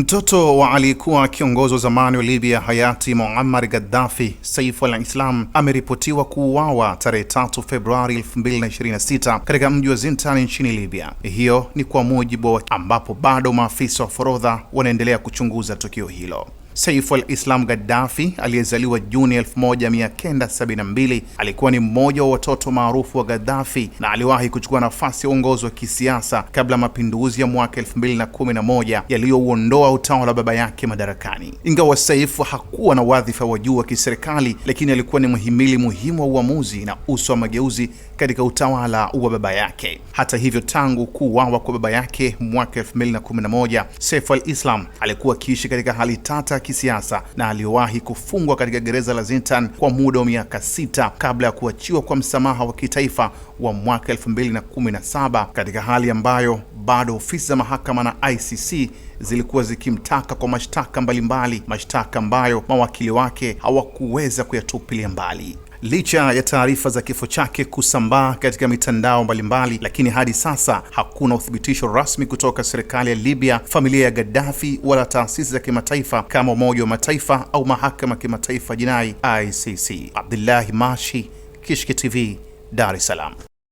Mtoto wa aliyekuwa kiongozi wa zamani wa Libya hayati Muammar Gaddafi, Saif al-Islam ameripotiwa kuuawa tarehe 3 Februari 2026 katika mji wa Zintan nchini Libya. Hiyo ni kwa mujibu wa ambapo bado maafisa wa forodha wanaendelea kuchunguza tukio hilo. Saif al-Islam Gaddafi aliyezaliwa Juni 1972 alikuwa ni mmoja wa watoto maarufu wa Gaddafi na aliwahi kuchukua nafasi ya uongozi wa kisiasa kabla mapinduzi ya mwaka 2011 yaliyouondoa utawala wa baba yake madarakani. Ingawa Saif hakuwa na wadhifa wa juu wa kiserikali, lakini alikuwa ni mhimili muhimu wa uamuzi na uso wa mageuzi katika utawala wa baba yake. Hata hivyo, tangu kuuawa kwa baba yake mwaka 2011, Saif al-Islam alikuwa akiishi katika hali tata kisiasa na aliyowahi kufungwa katika gereza la Zintan kwa muda wa miaka sita kabla ya kuachiwa kwa msamaha wa kitaifa wa mwaka 2017 katika hali ambayo bado ofisi za mahakama na ICC zilikuwa zikimtaka kwa mashtaka mbalimbali, mashtaka ambayo mawakili wake hawakuweza kuyatupilia mbali licha ya taarifa za kifo chake kusambaa katika mitandao mbalimbali, lakini hadi sasa hakuna uthibitisho rasmi kutoka serikali ya Libya, familia ya Gaddafi wala taasisi za kimataifa kama Umoja wa Mataifa au Mahakama ya Kimataifa Jinai ICC. Abdullahi Mashi, Kishki TV, Dar es Salaam.